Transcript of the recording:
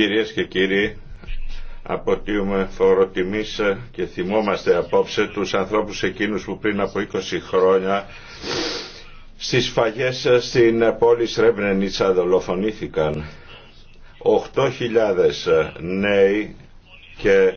Κυρίες και κύριοι, αποτείουμε φόρο και θυμόμαστε απόψε τους ανθρώπους εκείνους που πριν από 20 χρόνια στις φαγές στην πόλη Σρέμπνενιτσα δολοφονήθηκαν. 8.000 νέοι και